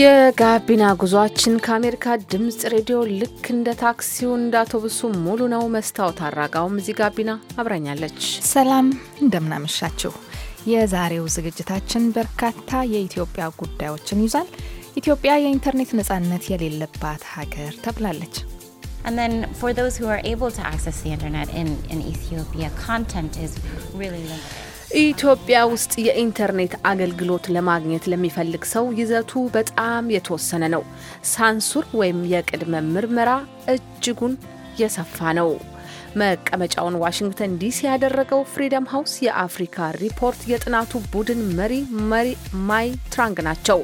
የጋቢና ጉዟችን ከአሜሪካ ድምፅ ሬዲዮ ልክ እንደ ታክሲው እንደ አውቶቡሱ ሙሉ ነው። መስታወት አራጋውም እዚህ ጋቢና አብራኛለች። ሰላም እንደምናመሻችሁ። የዛሬው ዝግጅታችን በርካታ የኢትዮጵያ ጉዳዮችን ይዟል። ኢትዮጵያ የኢንተርኔት ነጻነት የሌለባት ሀገር ተብላለች። ኢትዮጵያ ኢትዮጵያ ውስጥ የኢንተርኔት አገልግሎት ለማግኘት ለሚፈልግ ሰው ይዘቱ በጣም የተወሰነ ነው። ሳንሱር ወይም የቅድመ ምርመራ እጅጉን የሰፋ ነው። መቀመጫውን ዋሽንግተን ዲሲ ያደረገው ፍሪደም ሃውስ የአፍሪካ ሪፖርት የጥናቱ ቡድን መሪ መሪ ማይ ትራንግ ናቸው።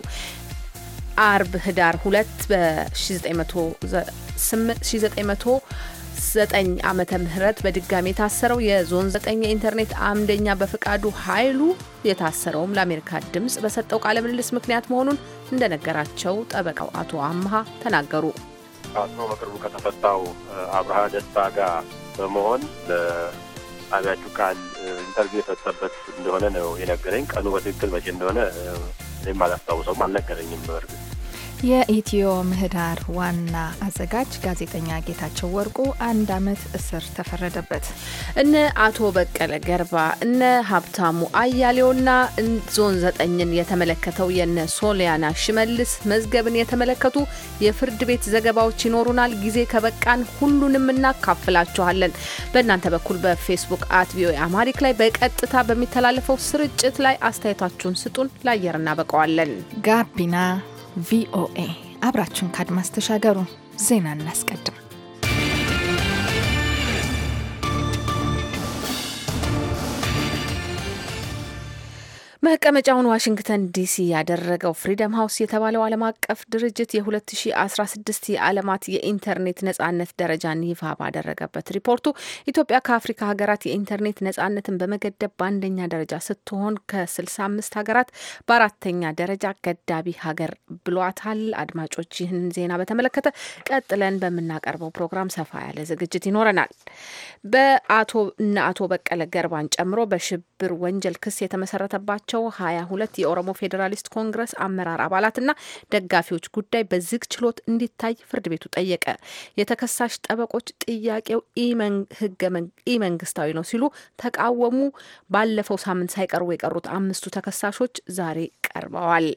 አርብ ህዳር 2 በ1900 ዘጠኝ ዓመተ ምህረት በድጋሚ የታሰረው የዞን ዘጠኝ የኢንተርኔት አምደኛ በፍቃዱ ኃይሉ የታሰረውም ለአሜሪካ ድምፅ በሰጠው ቃለ ምልልስ ምክንያት መሆኑን እንደነገራቸው ጠበቃው አቶ አምሃ ተናገሩ። ታስሮ በቅርቡ ከተፈታው አብርሃ ደስታ ጋር በመሆን ለጣቢያችሁ ቃል ኢንተርቪው የሰጠበት እንደሆነ ነው የነገረኝ። ቀኑ በትክክል መቼ እንደሆነ እኔም አላስታውሰውም፣ አልነገረኝም በእርግጥ የኢትዮ ምህዳር ዋና አዘጋጅ ጋዜጠኛ ጌታቸው ወርቁ አንድ ዓመት እስር ተፈረደበት። እነ አቶ በቀለ ገርባ እነ ሀብታሙ አያሌውና ዞን ዘጠኝን የተመለከተው የነ ሶሊያና ሽመልስ መዝገብን የተመለከቱ የፍርድ ቤት ዘገባዎች ይኖሩናል። ጊዜ ከበቃን ሁሉንም እናካፍላችኋለን። በእናንተ በኩል በፌስቡክ አት ቪኦኤ አማሪክ ላይ በቀጥታ በሚተላለፈው ስርጭት ላይ አስተያየታችሁን ስጡን፣ ለአየር እናበቀዋለን። ጋቢና ቪኦኤ አብራችሁን ከአድማስ ተሻገሩ። ዜና እናስቀድም። መቀመጫውን ዋሽንግተን ዲሲ ያደረገው ፍሪደም ሀውስ የተባለው ዓለም አቀፍ ድርጅት የ2016 የዓለማት የኢንተርኔት ነጻነት ደረጃን ይፋ ባደረገበት ሪፖርቱ ኢትዮጵያ ከአፍሪካ ሀገራት የኢንተርኔት ነጻነትን በመገደብ በአንደኛ ደረጃ ስትሆን ከ65 ሀገራት በአራተኛ ደረጃ ገዳቢ ሀገር ብሏታል። አድማጮች፣ ይህንን ዜና በተመለከተ ቀጥለን በምናቀርበው ፕሮግራም ሰፋ ያለ ዝግጅት ይኖረናል። በአቶ እነ አቶ በቀለ ገርባን ጨምሮ በሽብር ወንጀል ክስ የተመሰረተባቸው ያላቸው ሀያ ሁለት የኦሮሞ ፌዴራሊስት ኮንግረስ አመራር አባላትና ደጋፊዎች ጉዳይ በዝግ ችሎት እንዲታይ ፍርድ ቤቱ ጠየቀ። የተከሳሽ ጠበቆች ጥያቄው ኢ መንግስታዊ ነው ሲሉ ተቃወሙ። ባለፈው ሳምንት ሳይቀርቡ የቀሩት አምስቱ ተከሳሾች ዛሬ ቀርበዋል።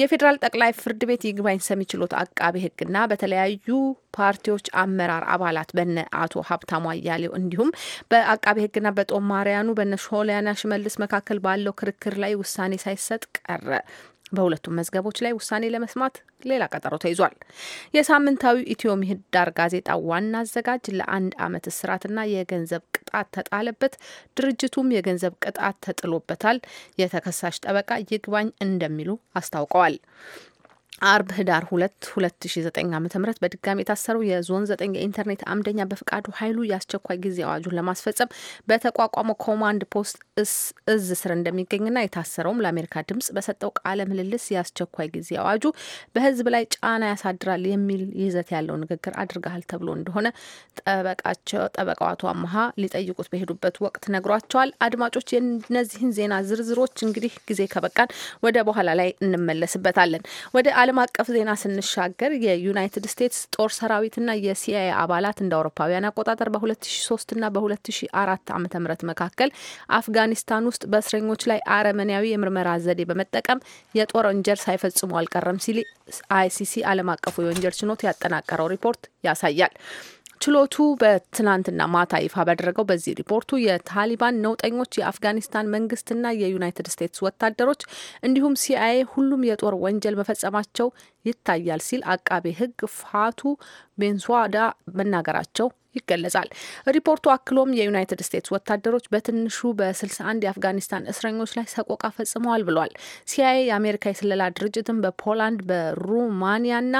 የፌዴራል ጠቅላይ ፍርድ ቤት ይግባኝ ሰሚ ችሎት አቃቢ ሕግና በተለያዩ ፓርቲዎች አመራር አባላት በነ አቶ ሀብታሙ አያሌው እንዲሁም በአቃቤ ሕግና በጦማሪያኑ በነ ሾሊያና ሽመልስ መካከል ባለው ክርክር ላይ ውሳኔ ሳይሰጥ ቀረ። በሁለቱም መዝገቦች ላይ ውሳኔ ለመስማት ሌላ ቀጠሮ ተይዟል። የሳምንታዊ ኢትዮ ምህዳር ጋዜጣ ዋና አዘጋጅ ለአንድ ዓመት እስራትና የገንዘብ ቅጣት ተጣለበት። ድርጅቱም የገንዘብ ቅጣት ተጥሎበታል። የተከሳሽ ጠበቃ ይግባኝ እንደሚሉ አስታውቀዋል። አርብ ህዳር ሁለት ሁለት ሺ ዘጠኝ በድጋሚ የታሰረው የዞን ዘጠኝ የኢንተርኔት አምደኛ በፍቃዱ ኃይሉ የአስቸኳይ ጊዜ አዋጁን ለማስፈጸም በተቋቋመው ኮማንድ ፖስት እዝ ስር እንደሚገኝና የታሰረውም ለአሜሪካ ድምጽ በሰጠው ቃለ ምልልስ የአስቸኳይ ጊዜ አዋጁ በህዝብ ላይ ጫና ያሳድራል የሚል ይዘት ያለው ንግግር አድርገሃል ተብሎ እንደሆነ ጠበቃቸው ጠበቃው አቶ አመሀ ሊጠይቁት በሄዱበት ወቅት ነግሯቸዋል። አድማጮች የእነዚህን ዜና ዝርዝሮች እንግዲህ ጊዜ ከበቃን ወደ በኋላ ላይ እንመለስበታለን ወደ ዓለም አቀፍ ዜና ስንሻገር የዩናይትድ ስቴትስ ጦር ሰራዊትና የሲአይኤ አባላት እንደ አውሮፓውያን አቆጣጠር በ2003ና በ2004 ዓ ም መካከል አፍጋኒስታን ውስጥ በእስረኞች ላይ አረመኔያዊ የምርመራ ዘዴ በመጠቀም የጦር ወንጀል ሳይፈጽሙ አልቀረም ሲል አይሲሲ ዓለም አቀፉ የወንጀል ችሎት ያጠናቀረው ሪፖርት ያሳያል። ችሎቱ በትናንትና ማታ ይፋ ባደረገው በዚህ ሪፖርቱ የታሊባን ነውጠኞች የአፍጋኒስታን መንግስትና የዩናይትድ ስቴትስ ወታደሮች እንዲሁም ሲአይኤ ሁሉም የጦር ወንጀል መፈጸማቸው ይታያል ሲል አቃቤ ሕግ ፋቱ ቤንስዋዳ መናገራቸው ይገለጻል። ሪፖርቱ አክሎም የዩናይትድ ስቴትስ ወታደሮች በትንሹ በ61 የአፍጋኒስታን እስረኞች ላይ ሰቆቃ ፈጽመዋል ብሏል። ሲአይኤ የአሜሪካ የስለላ ድርጅትን በፖላንድ በሩማኒያና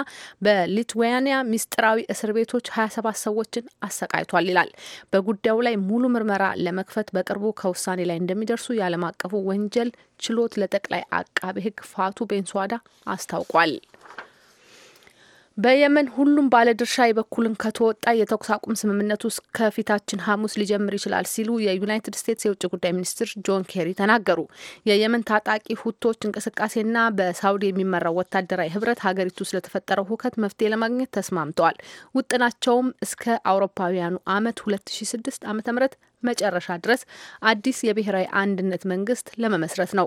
በሊትዌኒያ ሚስጥራዊ እስር ቤቶች 27 ሰዎችን አሰቃይቷል ይላል። በጉዳዩ ላይ ሙሉ ምርመራ ለመክፈት በቅርቡ ከውሳኔ ላይ እንደሚደርሱ የዓለም አቀፉ ወንጀል ችሎት ለጠቅላይ አቃቤ ሕግ ፋቱ ቤንስዋዳ አስታውቋል። በየመን ሁሉም ባለድርሻ የበኩልን ከተወጣ የተኩስ አቁም ስምምነቱ ውስጥ ከፊታችን ሐሙስ ሊጀምር ይችላል ሲሉ የዩናይትድ ስቴትስ የውጭ ጉዳይ ሚኒስትር ጆን ኬሪ ተናገሩ። የየመን ታጣቂ ሁቶች እንቅስቃሴና በሳውዲ የሚመራው ወታደራዊ ህብረት ሀገሪቱ ስለተፈጠረው ሁከት መፍትሄ ለማግኘት ተስማምተዋል። ውጥናቸውም እስከ አውሮፓውያኑ አመት 2006 ዓ ም መጨረሻ ድረስ አዲስ የብሔራዊ አንድነት መንግስት ለመመስረት ነው።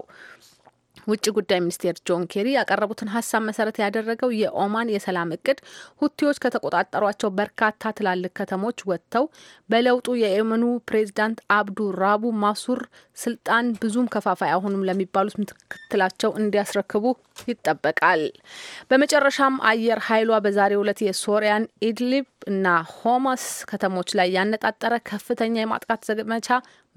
ውጭ ጉዳይ ሚኒስቴር ጆን ኬሪ ያቀረቡትን ሀሳብ መሰረት ያደረገው የኦማን የሰላም እቅድ ሁቲዎች ከተቆጣጠሯቸው በርካታ ትላልቅ ከተሞች ወጥተው በለውጡ የየመኑ ፕሬዚዳንት አብዱ ራቡ ማሱር ስልጣን ብዙም ከፋፋይ አሁኑም ለሚባሉት ምክትላቸው እንዲያስረክቡ ይጠበቃል። በመጨረሻም አየር ኃይሏ በዛሬው ዕለት የሶሪያን ኢድሊብ እና ሆማስ ከተሞች ላይ ያነጣጠረ ከፍተኛ የማጥቃት ዘመቻ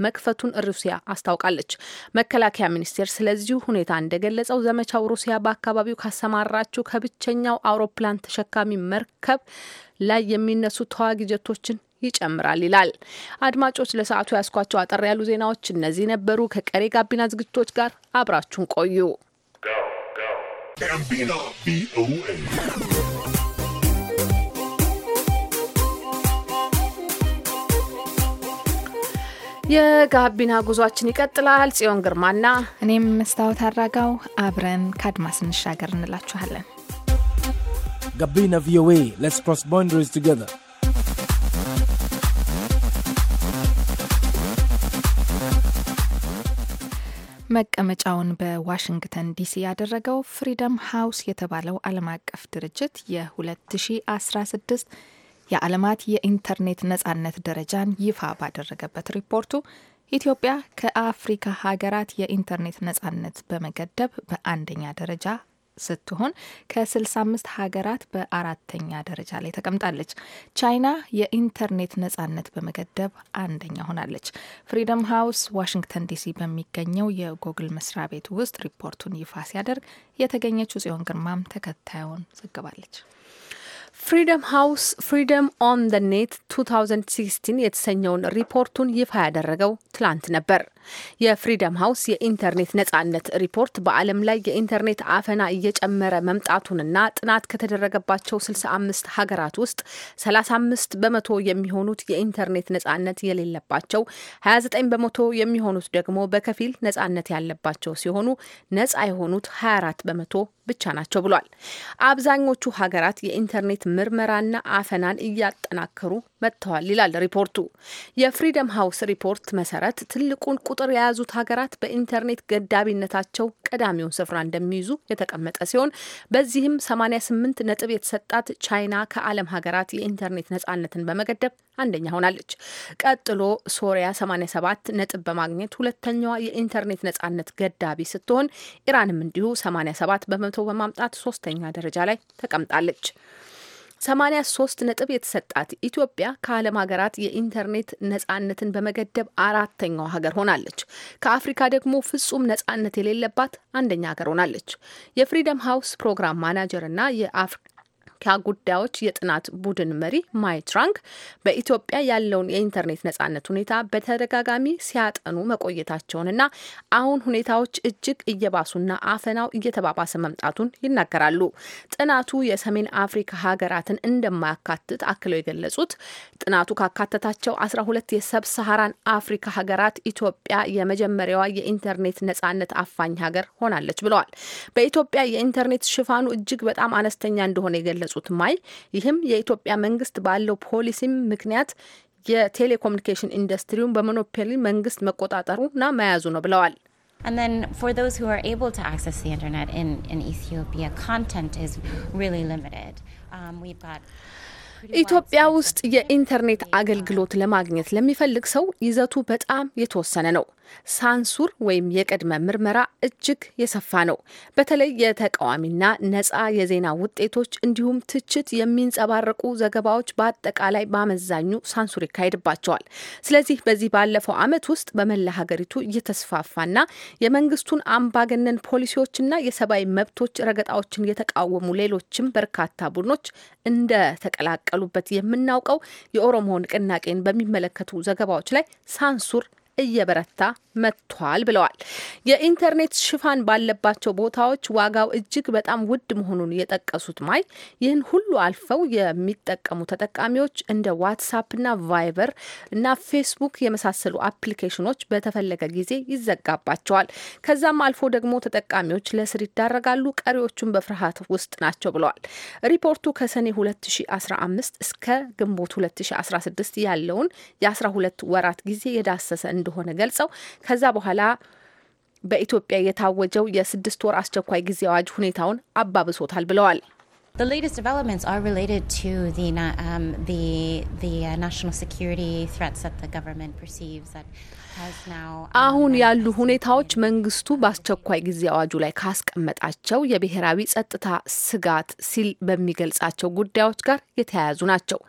መክፈቱን ሩሲያ አስታውቃለች። መከላከያ ሚኒስቴር ስለዚሁ ሁኔታ እንደገለጸው ዘመቻው ሩሲያ በአካባቢው ካሰማራችው ከብቸኛው አውሮፕላን ተሸካሚ መርከብ ላይ የሚነሱ ተዋጊ ጀቶችን ይጨምራል ይላል። አድማጮች ለሰዓቱ ያስኳቸው አጠር ያሉ ዜናዎች እነዚህ ነበሩ። ከቀሬ ጋቢና ዝግጅቶች ጋር አብራችሁን ቆዩ። የጋቢና ጉዟችን ይቀጥላል። ጽዮን ግርማና እኔም መስታወት አራጋው አብረን ከአድማስ እንሻገር እንላችኋለን። ጋቢና ቪኦኤ ሌትስ ክሮስ ቦንደሪስ ቱጌዘር መቀመጫውን በዋሽንግተን ዲሲ ያደረገው ፍሪደም ሃውስ የተባለው ዓለም አቀፍ ድርጅት የ2016 የዓለማት የኢንተርኔት ነጻነት ደረጃን ይፋ ባደረገበት ሪፖርቱ ኢትዮጵያ ከአፍሪካ ሀገራት የኢንተርኔት ነጻነት በመገደብ በአንደኛ ደረጃ ስትሆን ከ65 ሀገራት በአራተኛ ደረጃ ላይ ተቀምጣለች። ቻይና የኢንተርኔት ነጻነት በመገደብ አንደኛ ሆናለች። ፍሪደም ሃውስ ዋሽንግተን ዲሲ በሚገኘው የጎግል መስሪያ ቤት ውስጥ ሪፖርቱን ይፋ ሲያደርግ የተገኘችው ጽዮን ግርማም ተከታዩን ዘግባለች። ፍሪደም ሃውስ ፍሪደም ኦን ደ ኔት 2016 የተሰኘውን ሪፖርቱን ይፋ ያደረገው ትላንት ነበር። የፍሪደም ሃውስ የኢንተርኔት ነጻነት ሪፖርት በዓለም ላይ የኢንተርኔት አፈና እየጨመረ መምጣቱንና ጥናት ከተደረገባቸው 65 ሀገራት ውስጥ 35 በመቶ የሚሆኑት የኢንተርኔት ነጻነት የሌለባቸው፣ 29 በመቶ የሚሆኑት ደግሞ በከፊል ነጻነት ያለባቸው ሲሆኑ ነጻ የሆኑት 24 በመቶ ብቻ ናቸው ብሏል። አብዛኞቹ ሀገራት የኢንተርኔት ምርመራና አፈናን እያጠናከሩ መጥተዋል ይላል ሪፖርቱ። የፍሪደም ሀውስ ሪፖርት መሰረት ትልቁን ቁጥር የያዙት ሀገራት በኢንተርኔት ገዳቢነታቸው ቀዳሚውን ስፍራ እንደሚይዙ የተቀመጠ ሲሆን በዚህም 88 ነጥብ የተሰጣት ቻይና ከዓለም ሀገራት የኢንተርኔት ነጻነትን በመገደብ አንደኛ ሆናለች። ቀጥሎ ሶሪያ 87 ነጥብ በማግኘት ሁለተኛዋ የኢንተርኔት ነጻነት ገዳቢ ስትሆን ኢራንም እንዲሁ 87 በመቶ በማምጣት ሶስተኛ ደረጃ ላይ ተቀምጣለች። 83 ነጥብ የተሰጣት ኢትዮጵያ ከዓለም ሀገራት የኢንተርኔት ነጻነትን በመገደብ አራተኛዋ ሀገር ሆናለች። ከአፍሪካ ደግሞ ፍጹም ነጻነት የሌለባት አንደኛ ሀገር ሆናለች። የፍሪደም ሀውስ ፕሮግራም ማናጀር እና የአፍሪካ ጉዳዮች የጥናት ቡድን መሪ ማይትራንክ በኢትዮጵያ ያለውን የኢንተርኔት ነጻነት ሁኔታ በተደጋጋሚ ሲያጠኑ መቆየታቸውንና አሁን ሁኔታዎች እጅግ እየባሱና አፈናው እየተባባሰ መምጣቱን ይናገራሉ። ጥናቱ የሰሜን አፍሪካ ሀገራትን እንደማያካትት አክለው የገለጹት ጥናቱ ካካተታቸው አስራ ሁለት የሰብ ሰሃራን አፍሪካ ሀገራት ኢትዮጵያ የመጀመሪያዋ የኢንተርኔት ነጻነት አፋኝ ሀገር ሆናለች ብለዋል። በኢትዮጵያ የኢንተርኔት ሽፋኑ እጅግ በጣም አነስተኛ እንደሆነ የገለጹ የገለጹት ማይ ይህም የኢትዮጵያ መንግስት ባለው ፖሊሲም ምክንያት የቴሌኮሙኒኬሽን ኢንዱስትሪውን በሞኖፖሊ መንግስት መቆጣጠሩና መያዙ ነው ብለዋል። And then for those who are able to access the internet in, in Ethiopia, content is really limited. Um, we've got ኢትዮጵያ ውስጥ የኢንተርኔት አገልግሎት ለማግኘት ለሚፈልግ ሰው ይዘቱ በጣም የተወሰነ ነው። ሳንሱር ወይም የቅድመ ምርመራ እጅግ የሰፋ ነው። በተለይ የተቃዋሚና ነጻ የዜና ውጤቶች እንዲሁም ትችት የሚንጸባረቁ ዘገባዎች በአጠቃላይ በአመዛኙ ሳንሱር ይካሄድባቸዋል። ስለዚህ በዚህ ባለፈው ዓመት ውስጥ በመላ ሀገሪቱ እየተስፋፋና የመንግስቱን አምባገነን ፖሊሲዎችና የሰብአዊ መብቶች ረገጣዎችን የተቃወሙ ሌሎችም በርካታ ቡድኖች እንደተቀላቀሉበት የምናውቀው የኦሮሞ ንቅናቄን በሚመለከቱ ዘገባዎች ላይ ሳንሱር እየበረታ መጥቷል ብለዋል። የኢንተርኔት ሽፋን ባለባቸው ቦታዎች ዋጋው እጅግ በጣም ውድ መሆኑን የጠቀሱት ማይ ይህን ሁሉ አልፈው የሚጠቀሙ ተጠቃሚዎች እንደ ዋትሳፕና ቫይበር እና ፌስቡክ የመሳሰሉ አፕሊኬሽኖች በተፈለገ ጊዜ ይዘጋባቸዋል። ከዛም አልፎ ደግሞ ተጠቃሚዎች ለእስር ይዳረጋሉ። ቀሪዎቹን በፍርሃት ውስጥ ናቸው ብለዋል። ሪፖርቱ ከሰኔ 2015 እስከ ግንቦት 2016 ያለውን የ12 ወራት ጊዜ የዳሰሰ እንደሆነ ገልጸው ከዛ በኋላ በኢትዮጵያ የታወጀው የስድስት ወር አስቸኳይ ጊዜ አዋጅ ሁኔታውን አባብሶታል ብለዋል። The latest developments are related to the, um, the, the national security threats that the government perceives. That አሁን ያሉ ሁኔታዎች መንግስቱ በአስቸኳይ ጊዜ አዋጁ ላይ ካስቀመጣቸው የብሔራዊ ጸጥታ ስጋት ሲል በሚገልጻቸው ጉዳዮች ጋር የተያያዙ ናቸው።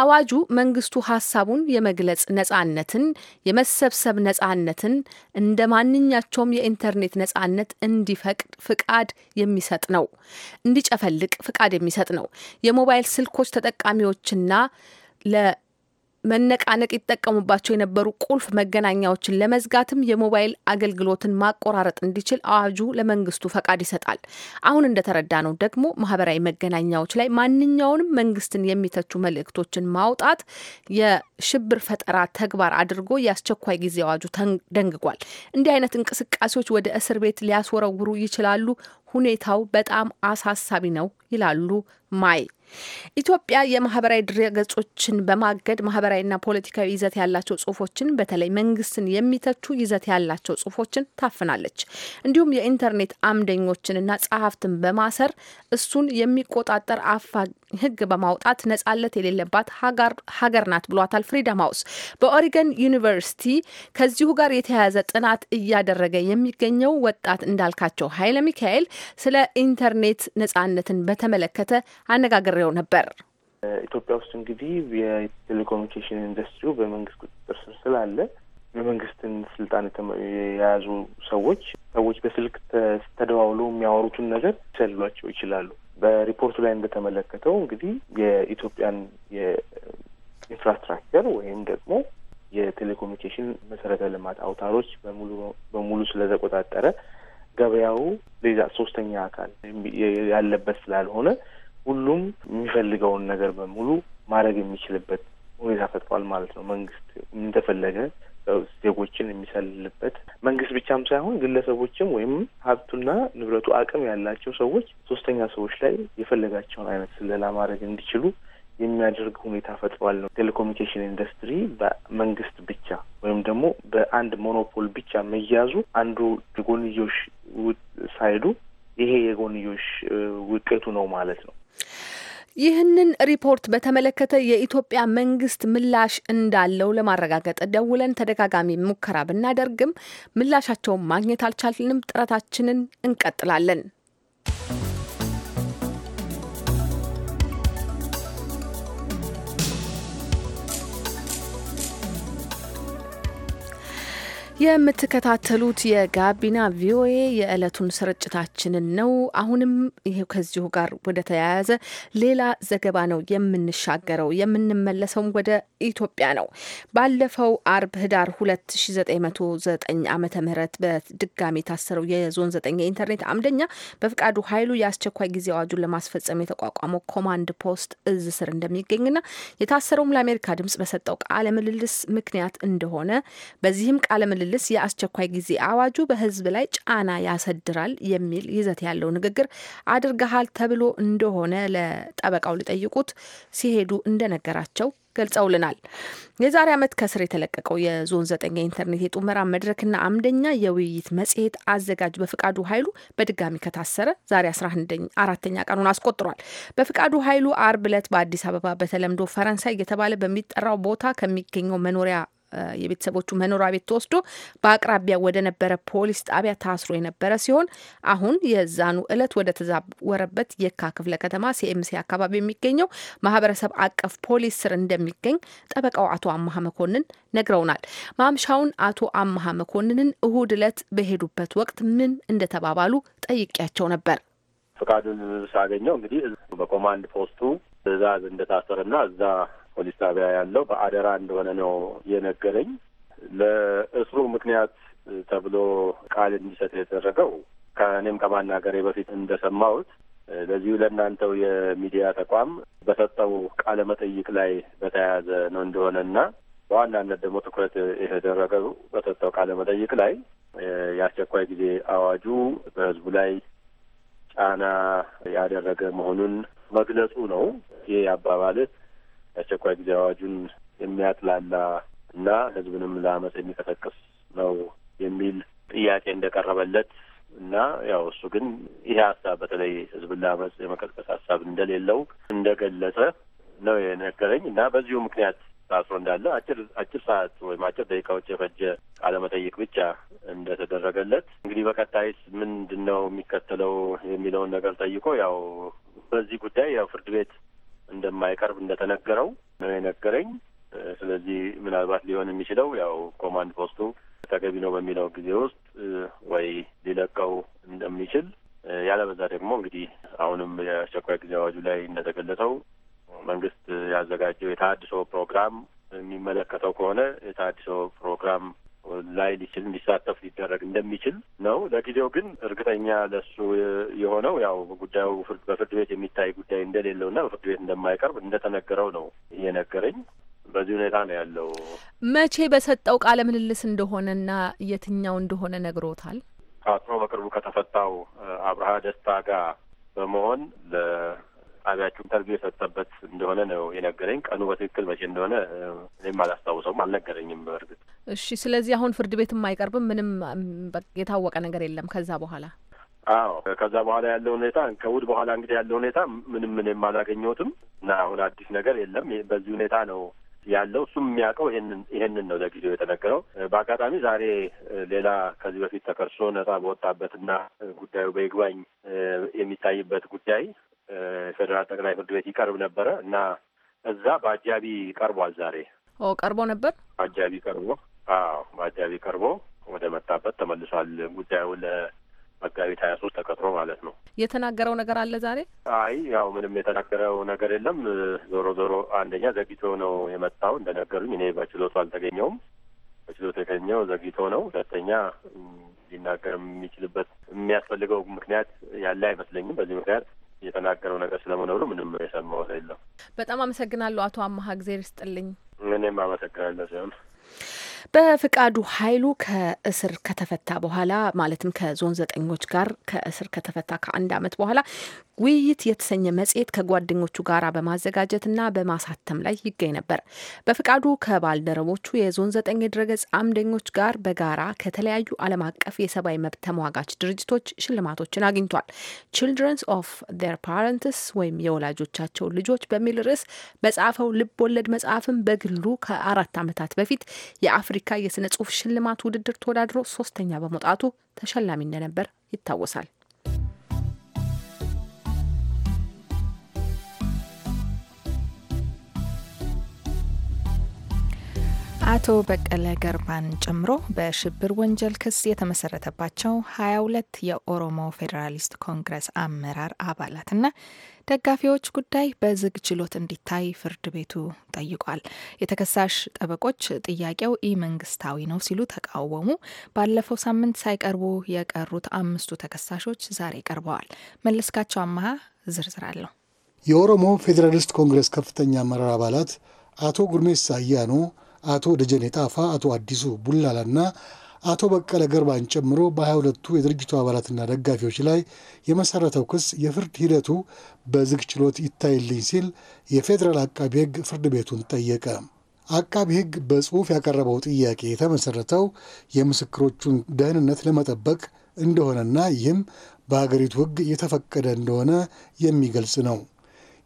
አዋጁ መንግስቱ ሀሳቡን የመግለጽ ነጻነትን፣ የመሰብሰብ ነጻነትን እንደ ማንኛቸውም የኢንተርኔት ነጻነት እንዲፈቅድ ፍቃድ የሚሰጥ ነው፣ እንዲጨፈልቅ ፍቃድ የሚሰጥ ነው። የሞባይል ስልኮች ተጠቃሚዎችና መነቃነቅ ይጠቀሙባቸው የነበሩ ቁልፍ መገናኛዎችን ለመዝጋትም የሞባይል አገልግሎትን ማቆራረጥ እንዲችል አዋጁ ለመንግስቱ ፈቃድ ይሰጣል። አሁን እንደተረዳ ነው ደግሞ ማህበራዊ መገናኛዎች ላይ ማንኛውንም መንግስትን የሚተቹ መልእክቶችን ማውጣት የሽብር ፈጠራ ተግባር አድርጎ የአስቸኳይ ጊዜ አዋጁ ደንግጓል። እንዲህ አይነት እንቅስቃሴዎች ወደ እስር ቤት ሊያስወረውሩ ይችላሉ። ሁኔታው በጣም አሳሳቢ ነው ይላሉ ማይ ኢትዮጵያ የማህበራዊ ድረገጾችን በማገድ ማህበራዊና ፖለቲካዊ ይዘት ያላቸው ጽሁፎችን በተለይ መንግስትን የሚተቹ ይዘት ያላቸው ጽሁፎችን ታፍናለች። እንዲሁም የኢንተርኔት አምደኞችንና ጸሐፍትን በማሰር እሱን የሚቆጣጠር አፋ ህግ በማውጣት ነጻነት የሌለባት ሀገር ናት ብሏታል ፍሪደም ሀውስ። በኦሪገን ዩኒቨርሲቲ ከዚሁ ጋር የተያያዘ ጥናት እያደረገ የሚገኘው ወጣት እንዳልካቸው ኃይለ ሚካኤል ስለ ኢንተርኔት ነጻነትን በተመለከተ አነጋገር አነጋግሬው ነበር። ኢትዮጵያ ውስጥ እንግዲህ የቴሌኮሙኒኬሽን ኢንዱስትሪው በመንግስት ቁጥጥር ስር ስላለ የመንግስትን ስልጣን የያዙ ሰዎች ሰዎች በስልክ ተደዋውሎ የሚያወሩትን ነገር ሊሰልሏቸው ይችላሉ። በሪፖርቱ ላይ እንደተመለከተው እንግዲህ የኢትዮጵያን የኢንፍራስትራክቸር ወይም ደግሞ የቴሌኮሙኒኬሽን መሰረተ ልማት አውታሮች በሙሉ በሙሉ ስለተቆጣጠረ ገበያው ሌላ ሶስተኛ አካል ያለበት ስላልሆነ ሁሉም የሚፈልገውን ነገር በሙሉ ማድረግ የሚችልበት ሁኔታ ፈጥሯል ማለት ነው። መንግስት እንደፈለገ ዜጎችን የሚሰልልበት መንግስት ብቻም ሳይሆን ግለሰቦችም ወይም ሀብቱና ንብረቱ አቅም ያላቸው ሰዎች ሶስተኛ ሰዎች ላይ የፈለጋቸውን አይነት ስለላ ማድረግ እንዲችሉ የሚያደርግ ሁኔታ ፈጥሯል ነው። ቴሌኮሙኒኬሽን ኢንዱስትሪ በመንግስት ብቻ ወይም ደግሞ በአንድ ሞኖፖል ብቻ መያዙ አንዱ የጎንዮሽ ሳይዱ ይሄ የጎንዮሽ ውጤቱ ነው ማለት ነው። ይህንን ሪፖርት በተመለከተ የኢትዮጵያ መንግስት ምላሽ እንዳለው ለማረጋገጥ ደውለን ተደጋጋሚ ሙከራ ብናደርግም ምላሻቸውን ማግኘት አልቻልንም። ጥረታችንን እንቀጥላለን። የምትከታተሉት የጋቢና ቪኦኤ የዕለቱን ስርጭታችንን ነው። አሁንም ይሄ ከዚሁ ጋር ወደ ተያያዘ ሌላ ዘገባ ነው የምንሻገረው። የምንመለሰውም ወደ ኢትዮጵያ ነው። ባለፈው አርብ ህዳር 2909 ዓ ም በድጋሚ የታሰረው የዞን 9 የኢንተርኔት አምደኛ በፍቃዱ ኃይሉ የአስቸኳይ ጊዜ አዋጁን ለማስፈጸም የተቋቋመው ኮማንድ ፖስት እዝ ስር እንደሚገኝና የታሰረውም ለአሜሪካ ድምጽ በሰጠው ቃለ ምልልስ ምክንያት እንደሆነ በዚህም ቃለ ምልልስ ሲመልስ የአስቸኳይ ጊዜ አዋጁ በህዝብ ላይ ጫና ያሰድራል የሚል ይዘት ያለው ንግግር አድርገሃል ተብሎ እንደሆነ ለጠበቃው ሊጠይቁት ሲሄዱ እንደነገራቸው ገልጸውልናል። የዛሬ ዓመት ከስር የተለቀቀው የዞን ዘጠኝ የኢንተርኔት የጡመራ መድረክና አምደኛ የውይይት መጽሔት አዘጋጅ በፍቃዱ ኃይሉ በድጋሚ ከታሰረ ዛሬ አራተኛ ቀኑን አስቆጥሯል። በፍቃዱ ኃይሉ አርብ ዕለት በአዲስ አበባ በተለምዶ ፈረንሳይ እየተባለ በሚጠራው ቦታ ከሚገኘው መኖሪያ የቤተሰቦቹ መኖሪያ ቤት ተወስዶ በአቅራቢያ ወደ ነበረ ፖሊስ ጣቢያ ታስሮ የነበረ ሲሆን አሁን የዛኑ እለት ወደ ተዛወረበት የካ ክፍለ ከተማ ሲኤምሲ አካባቢ የሚገኘው ማህበረሰብ አቀፍ ፖሊስ ስር እንደሚገኝ ጠበቃው አቶ አመሀ መኮንን ነግረውናል። ማምሻውን አቶ አመሀ መኮንንን እሁድ እለት በሄዱበት ወቅት ምን እንደተባባሉ ጠይቄያቸው ነበር። ፍቃዱን ሳገኘው እንግዲህ በኮማንድ ፖስቱ ትዕዛዝ እንደታሰረና እዛ ፖሊስ ጣቢያ ያለው በአደራ እንደሆነ ነው የነገረኝ። ለእስሩ ምክንያት ተብሎ ቃል እንዲሰጥ የተደረገው ከእኔም ከማናገሬ በፊት እንደሰማሁት ለዚሁ ለእናንተው የሚዲያ ተቋም በሰጠው ቃለ መጠይቅ ላይ በተያያዘ ነው እንደሆነና በዋናነት ደግሞ ትኩረት የተደረገው በሰጠው ቃለ መጠይቅ ላይ የአስቸኳይ ጊዜ አዋጁ በህዝቡ ላይ ጫና ያደረገ መሆኑን መግለጹ ነው። ይህ አባባልህ የአስቸኳይ ጊዜ አዋጁን የሚያጥላላ እና ህዝብንም ለአመፅ የሚቀሰቅስ ነው የሚል ጥያቄ እንደቀረበለት እና ያው እሱ ግን ይሄ ሀሳብ በተለይ ህዝብን ለአመፅ የመቀስቀስ ሀሳብ እንደሌለው እንደገለጸ ነው የነገረኝ እና በዚሁ ምክንያት ታስሮ እንዳለ አጭር አጭር ሰዓት ወይም አጭር ደቂቃዎች የፈጀ ቃለ መጠይቅ ብቻ እንደተደረገለት እንግዲህ በቀጣይስ ምንድን ነው የሚከተለው የሚለውን ነገር ጠይቆ ያው በዚህ ጉዳይ ያው ፍርድ ቤት እንደማይቀርብ እንደተነገረው ነው የነገረኝ። ስለዚህ ምናልባት ሊሆን የሚችለው ያው ኮማንድ ፖስቱ ተገቢ ነው በሚለው ጊዜ ውስጥ ወይ ሊለቀው እንደሚችል ያለበዛ ደግሞ እንግዲህ አሁንም የአስቸኳይ ጊዜ አዋጁ ላይ እንደተገለጸው መንግስት ያዘጋጀው የተሃድሶ ፕሮግራም የሚመለከተው ከሆነ የተሃድሶ ፕሮግራም ላይ ሊችል እንዲሳተፍ ሊደረግ እንደሚችል ነው። ለጊዜው ግን እርግጠኛ ለሱ የሆነው ያው ጉዳዩ በፍርድ ቤት የሚታይ ጉዳይ እንደሌለው እና በፍርድ ቤት እንደማይቀርብ እንደተነገረው ነው የነገረኝ። በዚህ ሁኔታ ነው ያለው። መቼ በሰጠው ቃለ ምልልስ እንደሆነና የትኛው እንደሆነ ነግሮታል። ታስሮ በቅርቡ ከተፈታው አብርሃ ደስታ ጋር በመሆን ለ ጣቢያችሁ ኢንተርቪው የሰጠበት እንደሆነ ነው የነገረኝ። ቀኑ በትክክል መቼ እንደሆነ እኔም አላስታውሰውም፣ አልነገረኝም በእርግጥ። እሺ፣ ስለዚህ አሁን ፍርድ ቤትም አይቀርብም፣ ምንም የታወቀ ነገር የለም ከዛ በኋላ አዎ ከዛ በኋላ ያለው ሁኔታ ከእሑድ በኋላ እንግዲህ ያለው ሁኔታ ምንም ምንም አላገኘሁትም እና አሁን አዲስ ነገር የለም። በዚህ ሁኔታ ነው ያለው። እሱም የሚያውቀው ይሄንን ይሄንን ነው ለጊዜው የተነገረው። በአጋጣሚ ዛሬ ሌላ ከዚህ በፊት ተከርሶ ነጻ በወጣበትና ጉዳዩ በይግባኝ የሚታይበት ጉዳይ ፌዴራል ጠቅላይ ፍርድ ቤት ይቀርብ ነበረ እና እዛ በአጃቢ ቀርቧል። ዛሬ ቀርቦ ነበር። በአጃቢ ቀርቦ አዎ፣ በአጃቢ ቀርቦ ወደ መጣበት ተመልሷል። ጉዳዩ ለመጋቢት ሀያ ሶስት ተቀጥሮ ማለት ነው። የተናገረው ነገር አለ ዛሬ? አይ ያው ምንም የተናገረው ነገር የለም። ዞሮ ዞሮ አንደኛ ዘግይቶ ነው የመጣው እንደነገሩኝ። እኔ በችሎቱ አልተገኘውም። በችሎቱ የተገኘው ዘግይቶ ነው። ሁለተኛ ሊናገር የሚችልበት የሚያስፈልገው ምክንያት ያለ አይመስለኝም። በዚህ ምክንያት የተናገረው ነገር ስለመኖሩ ምንም የሰማሁት የለም። በጣም አመሰግናለሁ አቶ አመሀ እግዜር ይስጥልኝ። እኔም አመሰግናለሁ ሲሆን በፍቃዱ ኃይሉ ከእስር ከተፈታ በኋላ ማለትም ከዞን ዘጠኞች ጋር ከእስር ከተፈታ ከአንድ ዓመት በኋላ ውይይት የተሰኘ መጽሔት ከጓደኞቹ ጋር በማዘጋጀትና በማሳተም ላይ ይገኝ ነበር። በፍቃዱ ከባልደረቦቹ የዞን ዘጠኝ የድረገጽ አምደኞች ጋር በጋራ ከተለያዩ ዓለም አቀፍ የሰብአዊ መብት ተሟጋች ድርጅቶች ሽልማቶችን አግኝቷል። ችልድረንስ ኦፍ ር ፓረንትስ ወይም የወላጆቻቸው ልጆች በሚል ርዕስ በጻፈው ልብ ወለድ መጽሐፍም በግሉ ከአራት ዓመታት በፊት የአፍ አፍሪካ የሥነ ጽሁፍ ሽልማት ውድድር ተወዳድሮ ሶስተኛ በመውጣቱ ተሸላሚ እንደነበር ይታወሳል። አቶ በቀለ ገርባን ጨምሮ በሽብር ወንጀል ክስ የተመሰረተባቸው 22 የኦሮሞ ፌዴራሊስት ኮንግረስ አመራር አባላትና ደጋፊዎች ጉዳይ በዝግ ችሎት እንዲታይ ፍርድ ቤቱ ጠይቋል። የተከሳሽ ጠበቆች ጥያቄው ኢ መንግስታዊ ነው ሲሉ ተቃወሙ። ባለፈው ሳምንት ሳይቀርቡ የቀሩት አምስቱ ተከሳሾች ዛሬ ቀርበዋል። መለስካቸው አመሀ ዝርዝር አለው። የኦሮሞ ፌዴራሊስት ኮንግረስ ከፍተኛ አመራር አባላት አቶ ጉርሜሳ አያኖ አቶ ደጀኔ ጣፋ፣ አቶ አዲሱ ቡላላና አቶ በቀለ ገርባን ጨምሮ በ 22 የድርጅቱ አባላትና ደጋፊዎች ላይ የመሰረተው ክስ የፍርድ ሂደቱ በዝግ ችሎት ይታይልኝ ሲል የፌዴራል አቃቢ ሕግ ፍርድ ቤቱን ጠየቀ። አቃቢ ሕግ በጽሑፍ ያቀረበው ጥያቄ የተመሰረተው የምስክሮቹን ደህንነት ለመጠበቅ እንደሆነና ይህም በሀገሪቱ ሕግ የተፈቀደ እንደሆነ የሚገልጽ ነው።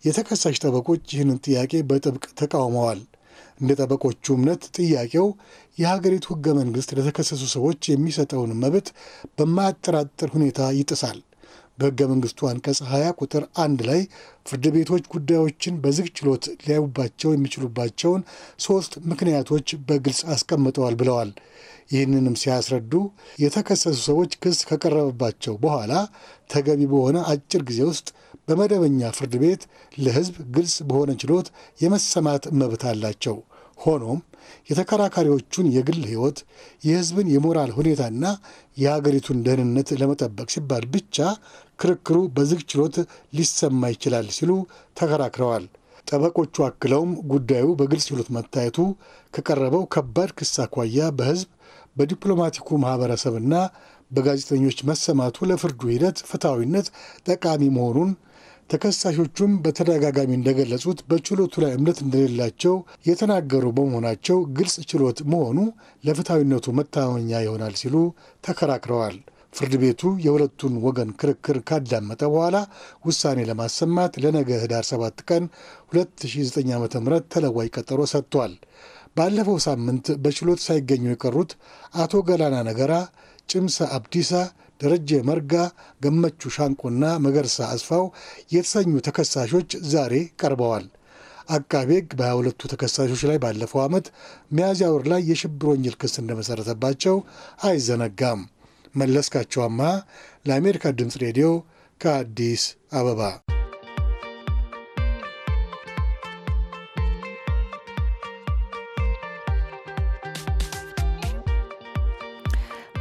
የተከሳሽ ጠበቆች ይህንን ጥያቄ በጥብቅ ተቃውመዋል። እንደ ጠበቆቹ እምነት ጥያቄው የሀገሪቱ ህገ መንግስት ለተከሰሱ ሰዎች የሚሰጠውን መብት በማያጠራጥር ሁኔታ ይጥሳል። በህገ መንግስቱ አንቀጽ 20 ቁጥር አንድ ላይ ፍርድ ቤቶች ጉዳዮችን በዝግ ችሎት ሊያዩባቸው የሚችሉባቸውን ሶስት ምክንያቶች በግልጽ አስቀምጠዋል ብለዋል። ይህንንም ሲያስረዱ የተከሰሱ ሰዎች ክስ ከቀረበባቸው በኋላ ተገቢ በሆነ አጭር ጊዜ ውስጥ በመደበኛ ፍርድ ቤት ለህዝብ ግልጽ በሆነ ችሎት የመሰማት መብት አላቸው። ሆኖም የተከራካሪዎቹን የግል ሕይወት፣ የሕዝብን የሞራል ሁኔታና የሀገሪቱን ደህንነት ለመጠበቅ ሲባል ብቻ ክርክሩ በዝግ ችሎት ሊሰማ ይችላል ሲሉ ተከራክረዋል። ጠበቆቹ አክለውም ጉዳዩ በግልጽ ችሎት መታየቱ ከቀረበው ከባድ ክስ አኳያ በሕዝብ በዲፕሎማቲኩ ማኅበረሰብና በጋዜጠኞች መሰማቱ ለፍርዱ ሂደት ፍትሐዊነት ጠቃሚ መሆኑን ተከሳሾቹም በተደጋጋሚ እንደገለጹት በችሎቱ ላይ እምነት እንደሌላቸው የተናገሩ በመሆናቸው ግልጽ ችሎት መሆኑ ለፍትሐዊነቱ መታመኛ ይሆናል ሲሉ ተከራክረዋል። ፍርድ ቤቱ የሁለቱን ወገን ክርክር ካዳመጠ በኋላ ውሳኔ ለማሰማት ለነገ ህዳር 7 ቀን 2009 ዓ ም ተለዋጭ ቀጠሮ ሰጥቷል። ባለፈው ሳምንት በችሎት ሳይገኙ የቀሩት አቶ ገላና ነገራ፣ ጭምሰ አብዲሳ ደረጀ መርጋ፣ ገመቹ ሻንቆና መገርሳ አስፋው የተሰኙ ተከሳሾች ዛሬ ቀርበዋል። አቃቤ ሕግ በሃያ ሁለቱ ተከሳሾች ላይ ባለፈው ዓመት ሚያዝያ ወር ላይ የሽብር ወንጀል ክስ እንደመሠረተባቸው አይዘነጋም። መለስካቸው ለአሜሪካ ድምፅ ሬዲዮ ከአዲስ አበባ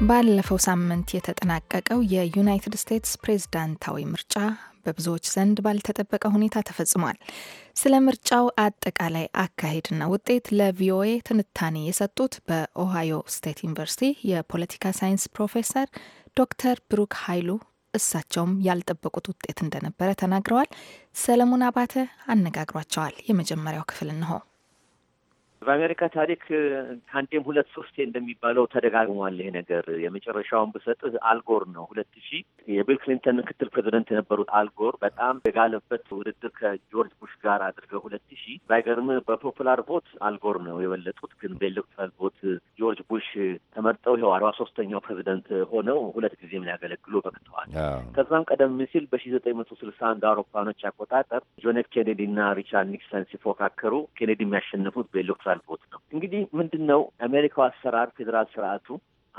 ባለፈው ሳምንት የተጠናቀቀው የዩናይትድ ስቴትስ ፕሬዝዳንታዊ ምርጫ በብዙዎች ዘንድ ባልተጠበቀ ሁኔታ ተፈጽሟል። ስለ ምርጫው አጠቃላይ አካሄድና ውጤት ለቪኦኤ ትንታኔ የሰጡት በኦሃዮ ስቴት ዩኒቨርሲቲ የፖለቲካ ሳይንስ ፕሮፌሰር ዶክተር ብሩክ ኃይሉ እሳቸውም ያልጠበቁት ውጤት እንደነበረ ተናግረዋል። ሰለሞን አባተ አነጋግሯቸዋል። የመጀመሪያው ክፍል እንሆ በአሜሪካ ታሪክ ከአንዴም ሁለት ሶስቴ እንደሚባለው ተደጋግሟል ይሄ ነገር። የመጨረሻውን ብሰጥህ አልጎር ነው። ሁለት ሺ የቢል ክሊንተን ምክትል ፕሬዚደንት የነበሩት አልጎር በጣም የጋለበት ውድድር ከጆርጅ ቡሽ ጋር አድርገው ሁለት ሺ ባይገርም በፖፑላር ቮት አልጎር ነው የበለጡት፣ ግን በኤሌክትራል ቮት ጆርጅ ቡሽ ተመርጠው ይኸው አርባ ሶስተኛው ፕሬዚደንት ሆነው ሁለት ጊዜም ሊያገለግሉ በቅተዋል። ከዛም ቀደም ሲል በሺ ዘጠኝ መቶ ስልሳ አንድ አውሮፓኖች አቆጣጠር ጆን ኤፍ ኬኔዲ እና ሪቻርድ ኒክሰን ሲፎካከሩ ኬኔዲ የሚያሸንፉት በኤሌክትራ አሳልፎት ነው። እንግዲህ ምንድን ነው አሜሪካው አሰራር ፌዴራል ስርዓቱ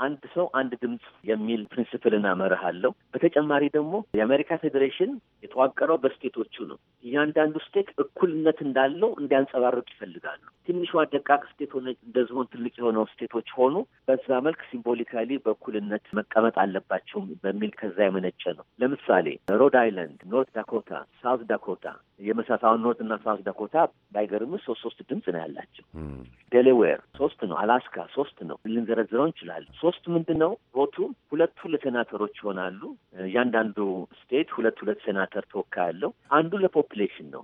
አንድ ሰው አንድ ድምፅ የሚል ፕሪንስፕልና መርህ አለው። በተጨማሪ ደግሞ የአሜሪካ ፌዴሬሽን የተዋቀረው በስቴቶቹ ነው። እያንዳንዱ ስቴት እኩልነት እንዳለው እንዲያንጸባርቅ ይፈልጋሉ። ትንሿ ደቃቅ ስቴት ሆነ እንደዝሆን ትልቅ የሆነው ስቴቶች ሆኑ በዛ መልክ ሲምቦሊካሊ በእኩልነት መቀመጥ አለባቸው በሚል ከዛ የመነጨ ነው። ለምሳሌ ሮድ አይላንድ፣ ኖርት ዳኮታ፣ ሳውት ዳኮታ የመሳሳውን ኖርት እና ሳውት ዳኮታ ባይገርም ሶስት ሶስት ድምፅ ነው ያላቸው። ዴሌዌር ሶስት ነው። አላስካ ሶስት ነው። ልንዘረዝረው እንችላለን። ሶስት ምንድን ነው ቮቱ ሁለት ሴናተሮች ይሆናሉ። እያንዳንዱ ስቴት ሁለት ሁለት ሴናተር ተወካይ አለው። አንዱ ለፖፕሌሽን ነው።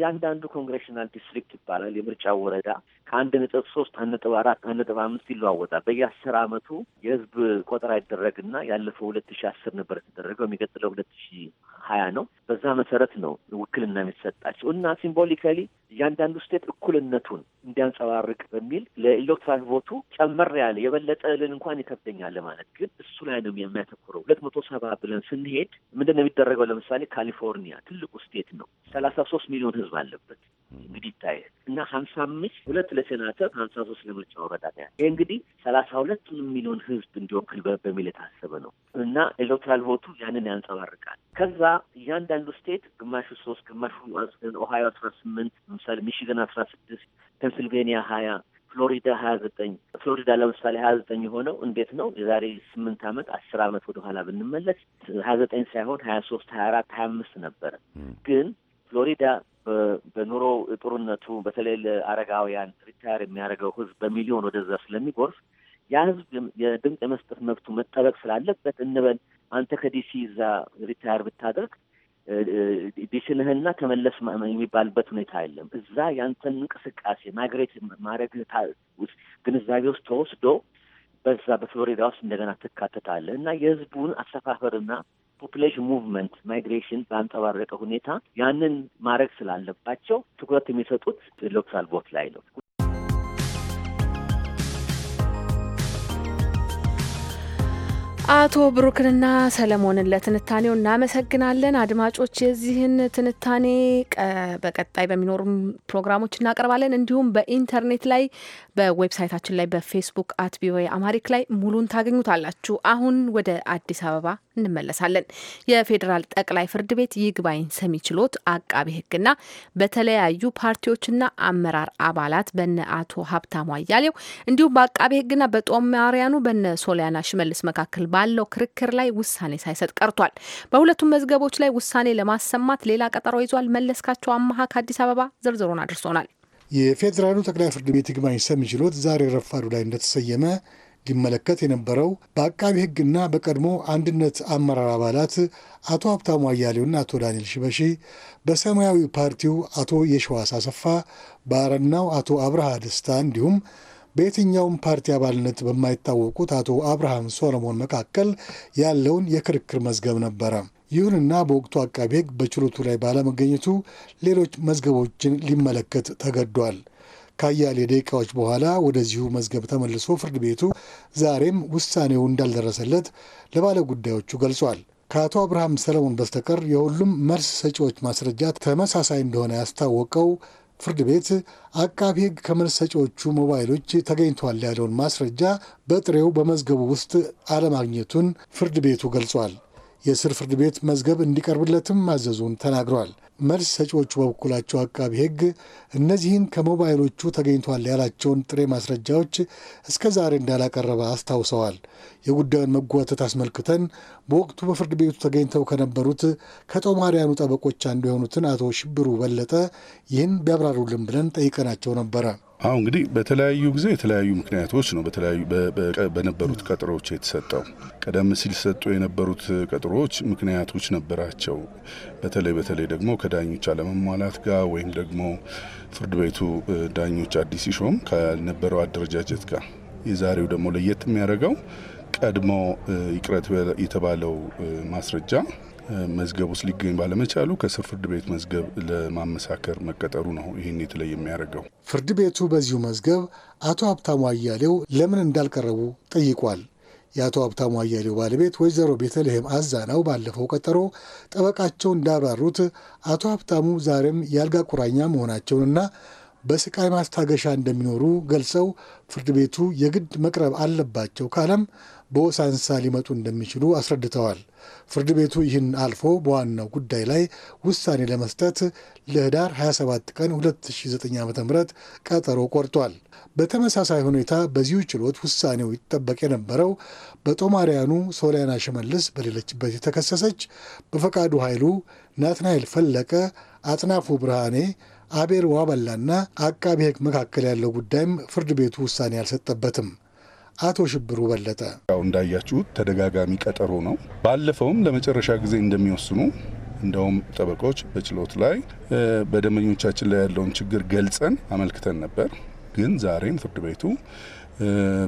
የአንዳንዱ ኮንግሬሽናል ዲስትሪክት ይባላል። የምርጫ ወረዳ ከአንድ ነጥብ ሶስት አንድ ነጥብ አራት አንድ ነጥብ አምስት ይለዋወጣል። በየአስር አመቱ የህዝብ ቆጠራ ይደረግና ያለፈው ሁለት ሺ አስር ነበር የተደረገው የሚቀጥለው ሁለት ሺ ሀያ ነው። በዛ መሰረት ነው ውክልና የሚሰጣቸው እና ሲምቦሊካሊ እያንዳንዱ ስቴት እኩልነቱን እንዲያንጸባርቅ በሚል ለኤሌክትራል ቮቱ ጨመር ያለ የበለጠ ልን እንኳን በጣም ይከብደኛል ለማለት ግን እሱ ላይ ነው የሚያተኩረው። ሁለት መቶ ሰባ ብለን ስንሄድ ምንድን ነው የሚደረገው? ለምሳሌ ካሊፎርኒያ ትልቁ ስቴት ነው፣ ሰላሳ ሶስት ሚሊዮን ህዝብ አለበት። እንግዲህ ይታይ እና ሀምሳ አምስት ሁለት ለሴናተር ሀምሳ ሶስት ለምርጫ ወረዳ ነው ይህ እንግዲህ ሰላሳ ሁለቱን ሚሊዮን ህዝብ እንዲወክል በሚል የታሰበ ነው እና ኤሌክትራል ቮቱ ያንን ያንጸባርቃል። ከዛ እያንዳንዱ ስቴት ግማሹ ሶስት ግማሹ ኦሃዮ አስራ ስምንት ለምሳሌ ሚሽገን አስራ ስድስት ፔንስልቬኒያ ሀያ ፍሎሪዳ ሀያ ዘጠኝ ፍሎሪዳ ለምሳሌ ሀያ ዘጠኝ የሆነው እንዴት ነው? የዛሬ ስምንት አመት አስር ዓመት ወደኋላ ብንመለስ ሀያ ዘጠኝ ሳይሆን ሀያ ሶስት ሀያ አራት ሀያ አምስት ነበረ። ግን ፍሎሪዳ በኑሮ ጥሩነቱ በተለይ ለአረጋውያን ሪታየር የሚያደርገው ህዝብ በሚሊዮን ወደዛ ስለሚጎርፍ ያ ህዝብ የድምፅ የመስጠት መብቱ መጠበቅ ስላለበት እንበል አንተ ከዲሲ እዛ ሪታየር ብታደርግ ዲስንህና ተመለስ የሚባልበት ሁኔታ የለም። እዛ ያንተን እንቅስቃሴ ማግሬት ማድረግ ግንዛቤ ውስጥ ተወስዶ በዛ በፍሎሪዳ ውስጥ እንደገና ትካተታለህ እና የህዝቡን አሰፋፈርና ፖፕሌሽን ሙቭመንት ማይግሬሽን በአንጸባረቀ ሁኔታ ያንን ማድረግ ስላለባቸው ትኩረት የሚሰጡት ሎካል ቦት ላይ ነው። አቶ ብሩክንና ሰለሞንን ለትንታኔው እናመሰግናለን። አድማጮች የዚህን ትንታኔ በቀጣይ በሚኖሩ ፕሮግራሞች እናቀርባለን። እንዲሁም በኢንተርኔት ላይ በዌብሳይታችን ላይ በፌስቡክ አት ቪኦኤ አማሪክ ላይ ሙሉን ታገኙታላችሁ። አሁን ወደ አዲስ አበባ እንመለሳለን። የፌዴራል ጠቅላይ ፍርድ ቤት ይግባኝ ሰሚ ችሎት አቃቤ ሕግና በተለያዩ ፓርቲዎችና አመራር አባላት በነ አቶ ሀብታሙ አያሌው እንዲሁም በአቃቤ ሕግና በጦማሪያኑ በነ ሶሊያና ሽመልስ መካከል ባለው ክርክር ላይ ውሳኔ ሳይሰጥ ቀርቷል። በሁለቱም መዝገቦች ላይ ውሳኔ ለማሰማት ሌላ ቀጠሮ ይዟል። መለስካቸው አመሀ ከአዲስ አበባ ዝርዝሩን አድርሶናል። የፌዴራሉ ጠቅላይ ፍርድ ቤት ይግባኝ ሰሚ ችሎት ዛሬ ረፋዱ ላይ እንደተሰየመ ሊመለከት የነበረው በአቃቢ ሕግና በቀድሞ አንድነት አመራር አባላት አቶ ሀብታሙ አያሌውና አቶ ዳንኤል ሽበሺ፣ በሰማያዊ ፓርቲው አቶ የሸዋስ አሰፋ፣ በአረናው አቶ አብርሃ ደስታ እንዲሁም በየትኛውም ፓርቲ አባልነት በማይታወቁት አቶ አብርሃም ሶሎሞን መካከል ያለውን የክርክር መዝገብ ነበረ። ይሁንና በወቅቱ አቃቢ ሕግ በችሎቱ ላይ ባለመገኘቱ ሌሎች መዝገቦችን ሊመለከት ተገዷል። ከአያሌ ደቂቃዎች በኋላ ወደዚሁ መዝገብ ተመልሶ ፍርድ ቤቱ ዛሬም ውሳኔው እንዳልደረሰለት ለባለ ጉዳዮቹ ገልጿል። ከአቶ አብርሃም ሰለሞን በስተቀር የሁሉም መልስ ሰጪዎች ማስረጃ ተመሳሳይ እንደሆነ ያስታወቀው ፍርድ ቤት አቃቢ ሕግ ከመልስ ሰጪዎቹ ሞባይሎች ተገኝቷል ያለውን ማስረጃ በጥሬው በመዝገቡ ውስጥ አለማግኘቱን ፍርድ ቤቱ ገልጿል። የስር ፍርድ ቤት መዝገብ እንዲቀርብለትም ማዘዙን ተናግሯል። መልስ ሰጪዎቹ በበኩላቸው አቃቢ ሕግ እነዚህን ከሞባይሎቹ ተገኝቷል ያላቸውን ጥሬ ማስረጃዎች እስከ ዛሬ እንዳላቀረበ አስታውሰዋል። የጉዳዩን መጓተት አስመልክተን በወቅቱ በፍርድ ቤቱ ተገኝተው ከነበሩት ከጦማሪያኑ ጠበቆች አንዱ የሆኑትን አቶ ሽብሩ በለጠ ይህን ቢያብራሩልን ብለን ጠይቀናቸው ነበረ። አሁ እንግዲህ በተለያዩ ጊዜ የተለያዩ ምክንያቶች ነው በተለያዩ በነበሩት ቀጠሮዎች የተሰጠው። ቀደም ሲል ሰጡ የነበሩት ቀጠሮዎች ምክንያቶች ነበራቸው። በተለይ በተለይ ደግሞ ከዳኞች አለመሟላት ጋር ወይም ደግሞ ፍርድ ቤቱ ዳኞች አዲስ ሲሾም ከነበረው አደረጃጀት ጋር የዛሬው ደግሞ ለየት የሚያደርገው ቀድሞ ይቅረት የተባለው ማስረጃ መዝገብ ውስጥ ሊገኝ ባለመቻሉ ከስር ፍርድ ቤት መዝገብ ለማመሳከር መቀጠሩ ነው ይህን የተለየ የሚያደርገው። ፍርድ ቤቱ በዚሁ መዝገብ አቶ ሀብታሙ አያሌው ለምን እንዳልቀረቡ ጠይቋል። የአቶ ሀብታሙ አያሌው ባለቤት ወይዘሮ ቤተልሔም አዛናው ባለፈው ቀጠሮ ጠበቃቸው እንዳብራሩት አቶ ሀብታሙ ዛሬም የአልጋ ቁራኛ መሆናቸውንና በስቃይ ማስታገሻ እንደሚኖሩ ገልጸው ፍርድ ቤቱ የግድ መቅረብ አለባቸው ካለም በወሳንሳ ሊመጡ እንደሚችሉ አስረድተዋል። ፍርድ ቤቱ ይህን አልፎ በዋናው ጉዳይ ላይ ውሳኔ ለመስጠት ለህዳር 27 ቀን 2009 ዓ ም ቀጠሮ ቆርጧል። በተመሳሳይ ሁኔታ በዚሁ ችሎት ውሳኔው ይጠበቅ የነበረው በጦማሪያኑ ሶሊያና ሽመልስ በሌለችበት የተከሰሰች በፈቃዱ ኃይሉ፣ ናትናኤል ፈለቀ፣ አጥናፉ ብርሃኔ አቤል ዋበላና አቃቢ ህግ መካከል ያለው ጉዳይም ፍርድ ቤቱ ውሳኔ አልሰጠበትም። አቶ ሽብሩ በለጠ። ያው እንዳያችሁት ተደጋጋሚ ቀጠሮ ነው። ባለፈውም ለመጨረሻ ጊዜ እንደሚወስኑ እንደውም ጠበቆች በችሎት ላይ በደንበኞቻችን ላይ ያለውን ችግር ገልጸን አመልክተን ነበር። ግን ዛሬም ፍርድ ቤቱ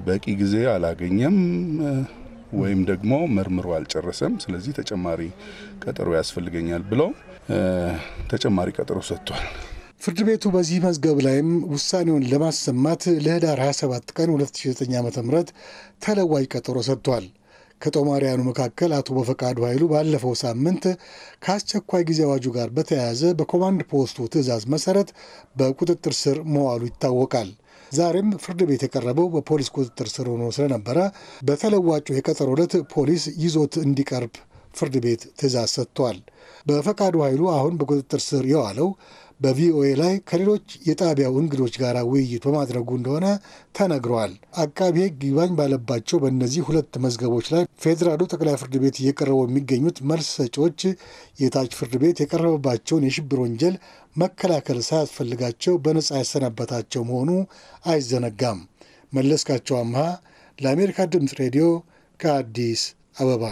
በቂ ጊዜ አላገኘም ወይም ደግሞ መርምሮ አልጨረሰም፣ ስለዚህ ተጨማሪ ቀጠሮ ያስፈልገኛል ብለው ተጨማሪ ቀጠሮ ሰጥቷል። ፍርድ ቤቱ በዚህ መዝገብ ላይም ውሳኔውን ለማሰማት ለህዳር 27 ቀን 2009 ዓ ም ተለዋጭ ቀጠሮ ሰጥቷል። ከጦማሪያኑ መካከል አቶ በፈቃዱ ኃይሉ ባለፈው ሳምንት ከአስቸኳይ ጊዜ አዋጁ ጋር በተያያዘ በኮማንድ ፖስቱ ትዕዛዝ መሰረት በቁጥጥር ስር መዋሉ ይታወቃል። ዛሬም ፍርድ ቤት የቀረበው በፖሊስ ቁጥጥር ስር ሆኖ ስለነበረ በተለዋጩ የቀጠሮ ዕለት ፖሊስ ይዞት እንዲቀርብ ፍርድ ቤት ትዕዛዝ ሰጥቷል። በፈቃዱ ኃይሉ አሁን በቁጥጥር ስር የዋለው በቪኦኤ ላይ ከሌሎች የጣቢያው እንግዶች ጋር ውይይት በማድረጉ እንደሆነ ተነግረዋል። አቃቢ ሕግ ይግባኝ ባለባቸው በእነዚህ ሁለት መዝገቦች ላይ ፌዴራሉ ጠቅላይ ፍርድ ቤት እየቀረቡ የሚገኙት መልስ ሰጪዎች የታች ፍርድ ቤት የቀረበባቸውን የሽብር ወንጀል መከላከል ሳያስፈልጋቸው በነጻ ያሰናበታቸው መሆኑ አይዘነጋም። መለስካቸው አምሃ ለአሜሪካ ድምፅ ሬዲዮ ከአዲስ አበባ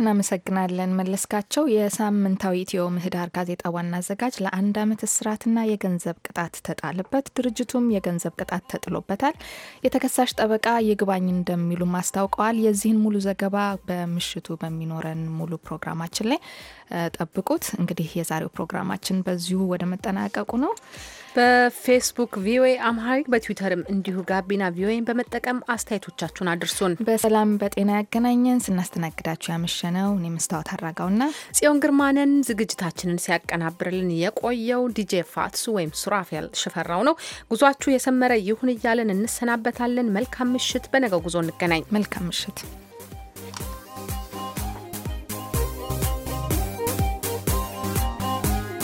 እናመሰግናለን መለስካቸው። የሳምንታዊ ኢትዮ ምህዳር ጋዜጣ ዋና አዘጋጅ ለአንድ ዓመት እስራትና የገንዘብ ቅጣት ተጣለበት፣ ድርጅቱም የገንዘብ ቅጣት ተጥሎበታል። የተከሳሽ ጠበቃ ይግባኝ እንደሚሉም አስታውቀዋል። የዚህን ሙሉ ዘገባ በምሽቱ በሚኖረን ሙሉ ፕሮግራማችን ላይ ጠብቁት። እንግዲህ የዛሬው ፕሮግራማችን በዚሁ ወደ መጠናቀቁ ነው። በፌስቡክ ቪኦኤ አምሃሪክ በትዊተርም እንዲሁ ጋቢና ቪኦኤን በመጠቀም አስተያየቶቻችሁን አድርሱን። በሰላም በጤና ያገናኘን። ስናስተናግዳችሁ ያመሸነው እኔ መስታወት አራጋውና ጽዮን ግርማንን፣ ዝግጅታችንን ሲያቀናብርልን የቆየው ዲጄ ፋትሱ ወይም ሱራፌል ሽፈራው ነው። ጉዟችሁ የሰመረ ይሁን እያለን እንሰናበታለን። መልካም ምሽት። በነገው ጉዞ እንገናኝ። መልካም ምሽት።